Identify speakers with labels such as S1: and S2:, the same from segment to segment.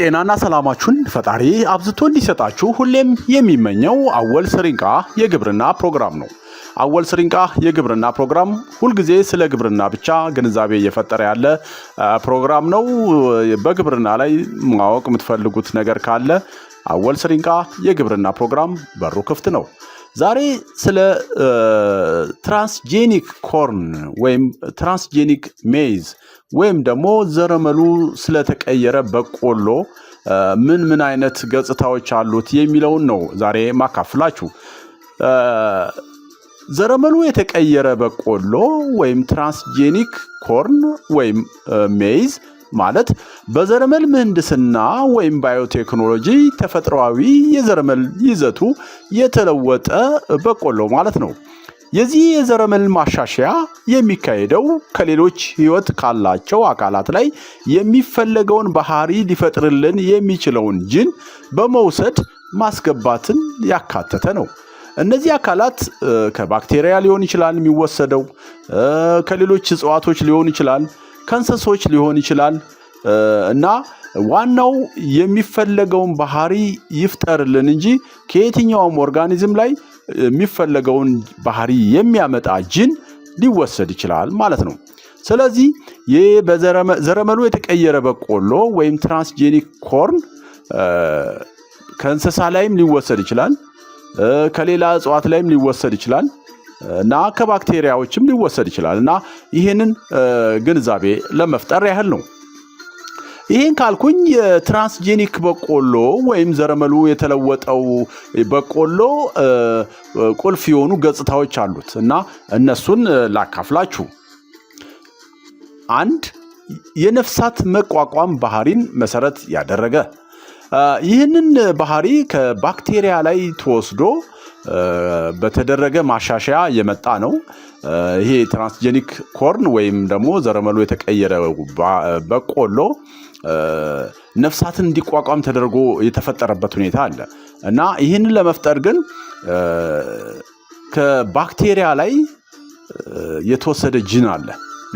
S1: ጤናና ሰላማችሁን ፈጣሪ አብዝቶ እንዲሰጣችሁ ሁሌም የሚመኘው አወል ስሪንቃ የግብርና ፕሮግራም ነው። አወል ስሪንቃ የግብርና ፕሮግራም ሁልጊዜ ስለ ግብርና ብቻ ግንዛቤ እየፈጠረ ያለ ፕሮግራም ነው። በግብርና ላይ ማወቅ የምትፈልጉት ነገር ካለ አወል ስሪንቃ የግብርና ፕሮግራም በሩ ክፍት ነው። ዛሬ ስለ ትራንስጄኒክ ኮርን ወይም ትራንስጄኒክ ሜይዝ ወይም ደግሞ ዘረመሉ ስለተቀየረ በቆሎ ምን ምን አይነት ገጽታዎች አሉት የሚለውን ነው ዛሬ ማካፍላችሁ። ዘረመሉ የተቀየረ በቆሎ ወይም ትራንስጄኒክ ኮርን ወይም ሜይዝ ማለት በዘረመል ምህንድስና ወይም ባዮቴክኖሎጂ ተፈጥሯዊ የዘረመል ይዘቱ የተለወጠ በቆሎ ማለት ነው። የዚህ የዘረመል ማሻሻያ የሚካሄደው ከሌሎች ህይወት ካላቸው አካላት ላይ የሚፈለገውን ባህሪ ሊፈጥርልን የሚችለውን ጅን በመውሰድ ማስገባትን ያካተተ ነው። እነዚህ አካላት ከባክቴሪያ ሊሆን ይችላል የሚወሰደው፣ ከሌሎች እጽዋቶች ሊሆን ይችላል። ከእንስሶች ሊሆን ይችላል እና ዋናው የሚፈለገውን ባህሪ ይፍጠርልን እንጂ ከየትኛውም ኦርጋኒዝም ላይ የሚፈለገውን ባህሪ የሚያመጣ ጅን ሊወሰድ ይችላል ማለት ነው። ስለዚህ ይህ በዘረመሉ የተቀየረ በቆሎ ወይም ትራንስጄኒክ ኮርን ከእንስሳ ላይም ሊወሰድ ይችላል፣ ከሌላ እጽዋት ላይም ሊወሰድ ይችላል። እና ከባክቴሪያዎችም ሊወሰድ ይችላል እና ይህንን ግንዛቤ ለመፍጠር ያህል ነው። ይህን ካልኩኝ የትራንስጄኒክ በቆሎ ወይም ዘረመሉ የተለወጠው በቆሎ ቁልፍ የሆኑ ገጽታዎች አሉት እና እነሱን ላካፍላችሁ። አንድ የነፍሳት መቋቋም ባህሪን መሰረት ያደረገ ይህንን ባህሪ ከባክቴሪያ ላይ ተወስዶ በተደረገ ማሻሻያ የመጣ ነው። ይሄ ትራንስጀኒክ ኮርን ወይም ደግሞ ዘረመሉ የተቀየረ በቆሎ ነፍሳትን እንዲቋቋም ተደርጎ የተፈጠረበት ሁኔታ አለ እና ይህንን ለመፍጠር ግን ከባክቴሪያ ላይ የተወሰደ ጅን አለ።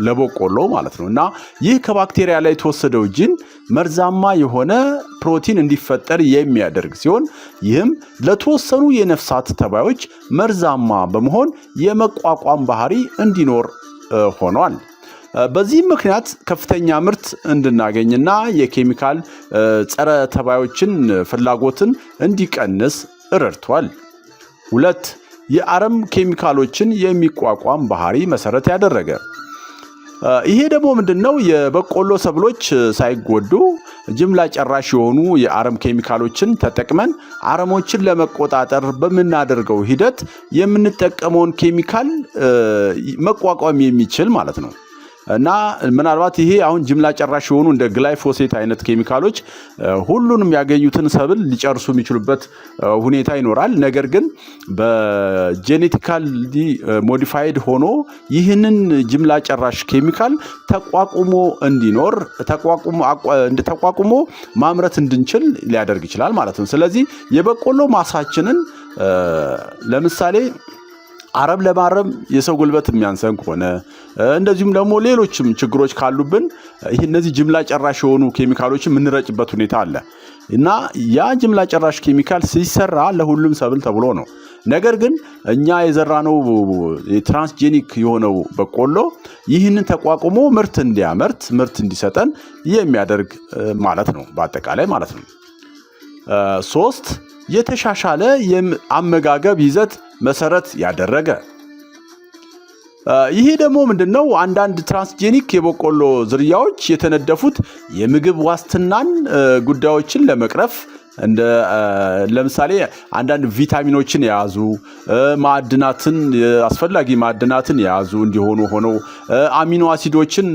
S1: ለበቆሎ ማለት ነው። እና ይህ ከባክቴሪያ ላይ የተወሰደው ጂን መርዛማ የሆነ ፕሮቲን እንዲፈጠር የሚያደርግ ሲሆን ይህም ለተወሰኑ የነፍሳት ተባዮች መርዛማ በመሆን የመቋቋም ባህሪ እንዲኖር ሆኗል። በዚህም ምክንያት ከፍተኛ ምርት እንድናገኝና የኬሚካል ጸረ ተባዮችን ፍላጎትን እንዲቀንስ ረድቷል። ሁለት የአረም ኬሚካሎችን የሚቋቋም ባህሪ መሰረት ያደረገ ይሄ ደግሞ ምንድን ነው? የበቆሎ ሰብሎች ሳይጎዱ ጅምላ ጨራሽ የሆኑ የአረም ኬሚካሎችን ተጠቅመን አረሞችን ለመቆጣጠር በምናደርገው ሂደት የምንጠቀመውን ኬሚካል መቋቋም የሚችል ማለት ነው። እና ምናልባት ይሄ አሁን ጅምላ ጨራሽ የሆኑ እንደ ግላይፎሴት አይነት ኬሚካሎች ሁሉንም ያገኙትን ሰብል ሊጨርሱ የሚችሉበት ሁኔታ ይኖራል። ነገር ግን በጄኔቲካሊ ሞዲፋይድ ሆኖ ይህንን ጅምላ ጨራሽ ኬሚካል ተቋቁሞ እንዲኖር ተቋቁሞ ማምረት እንድንችል ሊያደርግ ይችላል ማለት ነው። ስለዚህ የበቆሎ ማሳችንን ለምሳሌ አረም ለማረም የሰው ጉልበት የሚያንሰን ከሆነ እንደዚሁም ደግሞ ሌሎችም ችግሮች ካሉብን ይህ እነዚህ ጅምላ ጨራሽ የሆኑ ኬሚካሎችን የምንረጭበት ሁኔታ አለ እና ያ ጅምላ ጨራሽ ኬሚካል ሲሰራ ለሁሉም ሰብል ተብሎ ነው። ነገር ግን እኛ የዘራነው የትራንስጄኒክ የሆነው በቆሎ ይህንን ተቋቁሞ ምርት እንዲያመርት ምርት እንዲሰጠን የሚያደርግ ማለት ነው፣ በአጠቃላይ ማለት ነው። ሶስት የተሻሻለ የአመጋገብ ይዘት መሰረት ያደረገ ይሄ ደግሞ ምንድን ነው? አንዳንድ ትራንስጄኒክ የበቆሎ ዝርያዎች የተነደፉት የምግብ ዋስትናን ጉዳዮችን ለመቅረፍ ለምሳሌ አንዳንድ ቪታሚኖችን የያዙ ማዕድናትን አስፈላጊ ማዕድናትን የያዙ እንዲሆኑ ሆነው አሚኖ አሲዶችን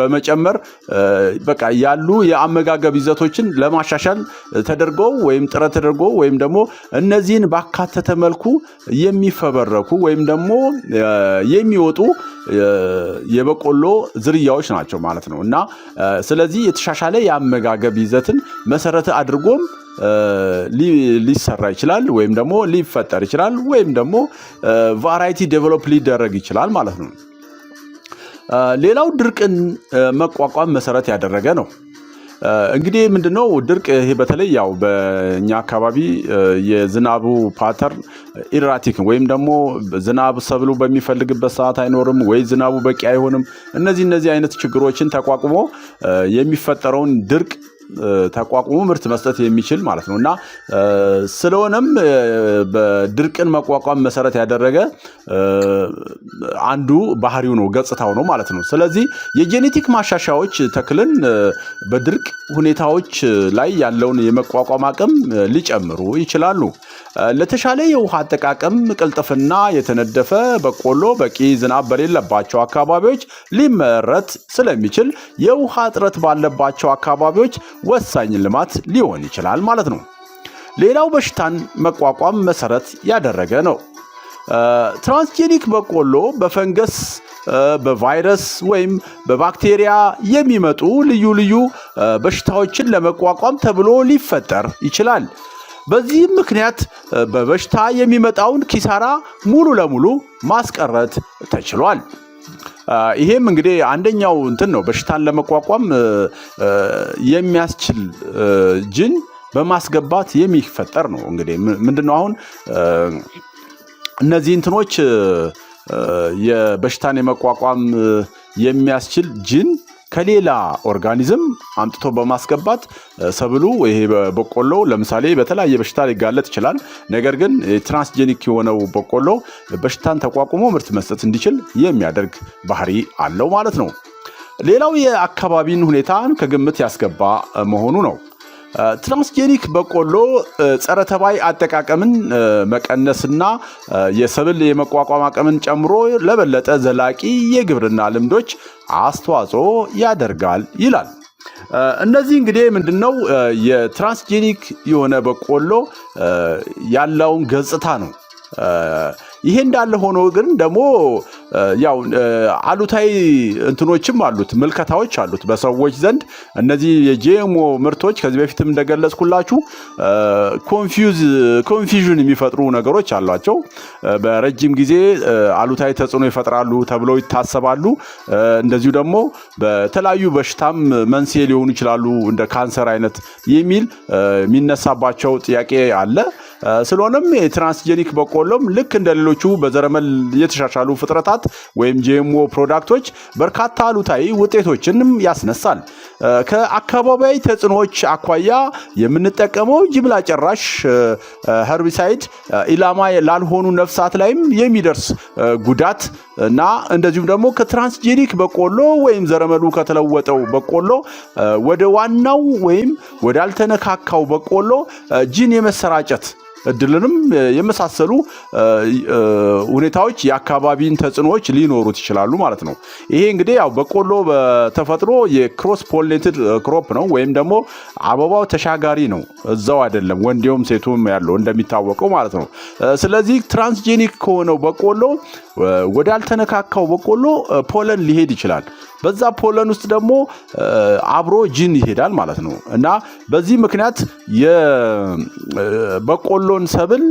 S1: በመጨመር በቃ ያሉ የአመጋገብ ይዘቶችን ለማሻሻል ተደርጎ ወይም ጥረት ተደርጎ ወይም ደግሞ እነዚህን ባካተተ መልኩ የሚፈበረኩ ወይም ደግሞ የሚወጡ የበቆሎ ዝርያዎች ናቸው ማለት ነው እና ስለዚህ የተሻሻለ የአመጋገብ ይዘትን መሰረተ አድርጎም ሊሰራ ይችላል ወይም ደግሞ ሊፈጠር ይችላል ወይም ደግሞ ቫራይቲ ዴቨሎፕ ሊደረግ ይችላል ማለት ነው። ሌላው ድርቅን መቋቋም መሰረት ያደረገ ነው። እንግዲህ ምንድነው ድርቅ ይሄ በተለይ ያው በእኛ አካባቢ የዝናቡ ፓተርን ኢራቲክ ወይም ደግሞ ዝናብ ሰብሉ በሚፈልግበት ሰዓት አይኖርም ወይ ዝናቡ በቂ አይሆንም። እነዚህ እነዚህ አይነት ችግሮችን ተቋቁሞ የሚፈጠረውን ድርቅ ተቋቁሞ ምርት መስጠት የሚችል ማለት ነው እና ስለሆነም በድርቅን መቋቋም መሰረት ያደረገ አንዱ ባህሪው ነው፣ ገጽታው ነው ማለት ነው። ስለዚህ የጄኔቲክ ማሻሻያዎች ተክልን በድርቅ ሁኔታዎች ላይ ያለውን የመቋቋም አቅም ሊጨምሩ ይችላሉ። ለተሻለ የውሃ አጠቃቀም ቅልጥፍና የተነደፈ በቆሎ በቂ ዝናብ በሌለባቸው አካባቢዎች ሊመረት ስለሚችል የውሃ እጥረት ባለባቸው አካባቢዎች ወሳኝ ልማት ሊሆን ይችላል ማለት ነው። ሌላው በሽታን መቋቋም መሰረት ያደረገ ነው። ትራንስጄኒክ በቆሎ በፈንገስ በቫይረስ ወይም በባክቴሪያ የሚመጡ ልዩ ልዩ በሽታዎችን ለመቋቋም ተብሎ ሊፈጠር ይችላል። በዚህም ምክንያት በበሽታ የሚመጣውን ኪሳራ ሙሉ ለሙሉ ማስቀረት ተችሏል። ይሄም እንግዲህ አንደኛው እንትን ነው በሽታን ለመቋቋም የሚያስችል ጅን በማስገባት የሚፈጠር ነው። እንግዲህ ምንድነው አሁን እነዚህ እንትኖች የበሽታን የመቋቋም የሚያስችል ጅን ከሌላ ኦርጋኒዝም አምጥቶ በማስገባት ሰብሉ ይሄ በቆሎ ለምሳሌ በተለያየ በሽታ ሊጋለጥ ይችላል። ነገር ግን ትራንስጄኒክ የሆነው በቆሎ በሽታን ተቋቁሞ ምርት መስጠት እንዲችል የሚያደርግ ባህሪ አለው ማለት ነው። ሌላው የአካባቢን ሁኔታን ከግምት ያስገባ መሆኑ ነው። ትራንስጄኒክ በቆሎ ጸረ ተባይ አጠቃቀምን መቀነስና የሰብል የመቋቋም አቅምን ጨምሮ ለበለጠ ዘላቂ የግብርና ልምዶች አስተዋጽኦ ያደርጋል ይላል። እነዚህ እንግዲህ ምንድነው የትራንስጄኒክ የሆነ በቆሎ ያለውን ገጽታ ነው ይሄ እንዳለ ሆኖ ግን ደግሞ ያው አሉታዊ እንትኖችም አሉት፣ ምልከታዎች አሉት በሰዎች ዘንድ። እነዚህ የጂኤምኦ ምርቶች ከዚህ በፊትም እንደገለጽኩላችሁ ኮንፊዥን የሚፈጥሩ ነገሮች አሏቸው። በረጅም ጊዜ አሉታዊ ተጽዕኖ ይፈጥራሉ ተብለው ይታሰባሉ። እንደዚሁ ደግሞ በተለያዩ በሽታም መንስኤ ሊሆኑ ይችላሉ እንደ ካንሰር አይነት የሚል የሚነሳባቸው ጥያቄ አለ። ስለሆነም የትራንስጀኒክ በቆሎም ልክ እንደ ሌሎቹ በዘረመል የተሻሻሉ ፍጥረታት ወይም ጂኤምኦ ፕሮዳክቶች በርካታ አሉታዊ ውጤቶችንም ያስነሳል። ከአካባቢያዊ ተጽዕኖዎች አኳያ የምንጠቀመው ጅምላ ጨራሽ ኸርቢሳይድ ኢላማ ላልሆኑ ነፍሳት ላይም የሚደርስ ጉዳት እና እንደዚሁም ደግሞ ከትራንስጄኒክ በቆሎ ወይም ዘረመሉ ከተለወጠው በቆሎ ወደ ዋናው ወይም ወዳልተነካካው በቆሎ ጂን የመሰራጨት እድልንም የመሳሰሉ ሁኔታዎች የአካባቢን ተጽዕኖዎች ሊኖሩት ይችላሉ ማለት ነው። ይሄ እንግዲህ ያው በቆሎ በተፈጥሮ የክሮስ ፖሊኔትድ ክሮፕ ነው ወይም ደግሞ አበባው ተሻጋሪ ነው። እዛው አይደለም ወንዴውም ሴቱም ያለው እንደሚታወቀው ማለት ነው። ስለዚህ ትራንስጄኒክ ከሆነው በቆሎ ወዳልተነካካው በቆሎ ፖለን ሊሄድ ይችላል። በዛ ፖለን ውስጥ ደግሞ አብሮ ጅን ይሄዳል ማለት ነው እና በዚህ ምክንያት የበቆሎን ሰብል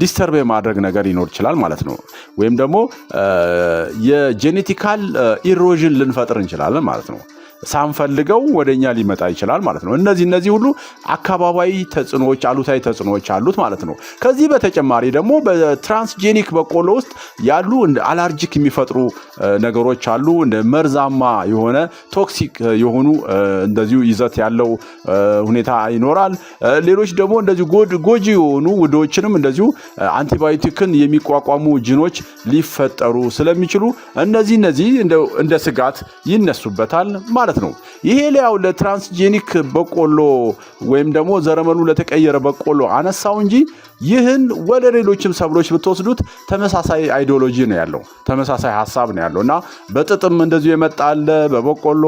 S1: ዲስተርብ የማድረግ ነገር ሊኖር ይችላል ማለት ነው። ወይም ደግሞ የጄኔቲካል ኢሮዥን ልንፈጥር እንችላለን ማለት ነው። ሳንፈልገው ወደኛ ሊመጣ ይችላል ማለት ነው። እነዚህ እነዚህ ሁሉ አካባቢያዊ ተጽዕኖዎች፣ አሉታዊ ተጽዕኖዎች አሉት ማለት ነው። ከዚህ በተጨማሪ ደግሞ በትራንስጄኒክ በቆሎ ውስጥ ያሉ አላርጂክ የሚፈጥሩ ነገሮች አሉ። እንደ መርዛማ የሆነ ቶክሲክ የሆኑ እንደዚሁ ይዘት ያለው ሁኔታ ይኖራል። ሌሎች ደግሞ እንደዚሁ ጎጂ የሆኑ ውዶችንም እንደዚሁ አንቲባዮቲክን የሚቋቋሙ ጅኖች ሊፈጠሩ ስለሚችሉ እነዚህ እነዚህ እንደ ስጋት ይነሱበታል ማለት ነው። ማለት ነው። ይሄ ሊያው ለትራንስጄኒክ በቆሎ ወይም ደግሞ ዘረመሉ ለተቀየረ በቆሎ አነሳው እንጂ ይህን ወደ ሌሎችም ሰብሎች ብትወስዱት ተመሳሳይ አይዲዮሎጂ ነው ያለው፣ ተመሳሳይ ሀሳብ ነው ያለው እና በጥጥም እንደዚሁ የመጣ አለ፣ በበቆሎ፣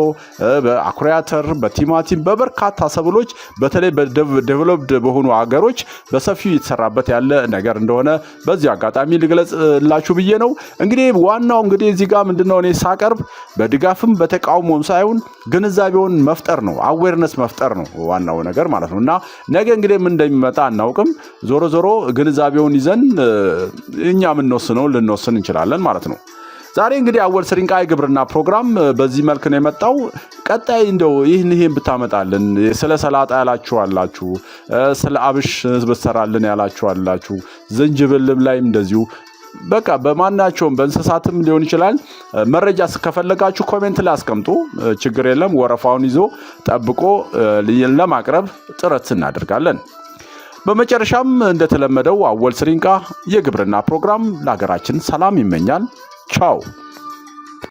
S1: በአኩሪ አተር፣ በቲማቲም፣ በበርካታ ሰብሎች በተለይ በዴቨሎፕድ በሆኑ አገሮች በሰፊው የተሰራበት ያለ ነገር እንደሆነ በዚህ አጋጣሚ ልግለጽላችሁ ብዬ ነው። እንግዲህ ዋናው እንግዲህ እዚህ ጋር ምንድነው እኔ ሳቀርብ በድጋፍም በተቃውሞም ሳይሆን ግንዛቤውን መፍጠር ነው፣ አዌርነስ መፍጠር ነው ዋናው ነገር ማለት ነው እና ነገ እንግዲህ ምን እንደሚመጣ አናውቅም ዞሮ ዞሮ ግንዛቤውን ይዘን እኛ የምንወስነው ልንወስን እንችላለን ማለት ነው። ዛሬ እንግዲህ አወል ስሪንቃ ግብርና ፕሮግራም በዚህ መልክ ነው የመጣው። ቀጣይ እንደው ይህን ይህን ብታመጣልን ስለ ሰላጣ ያላችሁ አላችሁ፣ ስለ አብሽ ብሰራልን ያላችሁ አላችሁ፣ ዝንጅብልም ላይም እንደዚሁ በቃ በማናቸውም በእንስሳትም ሊሆን ይችላል። መረጃ ከፈለጋችሁ ኮሜንት ላይ አስቀምጡ፣ ችግር የለም። ወረፋውን ይዞ ጠብቆ ለማቅረብ ጥረት እናደርጋለን። በመጨረሻም እንደተለመደው አወል ስሪንቃ የግብርና ፕሮግራም ለሀገራችን ሰላም ይመኛል። ቻው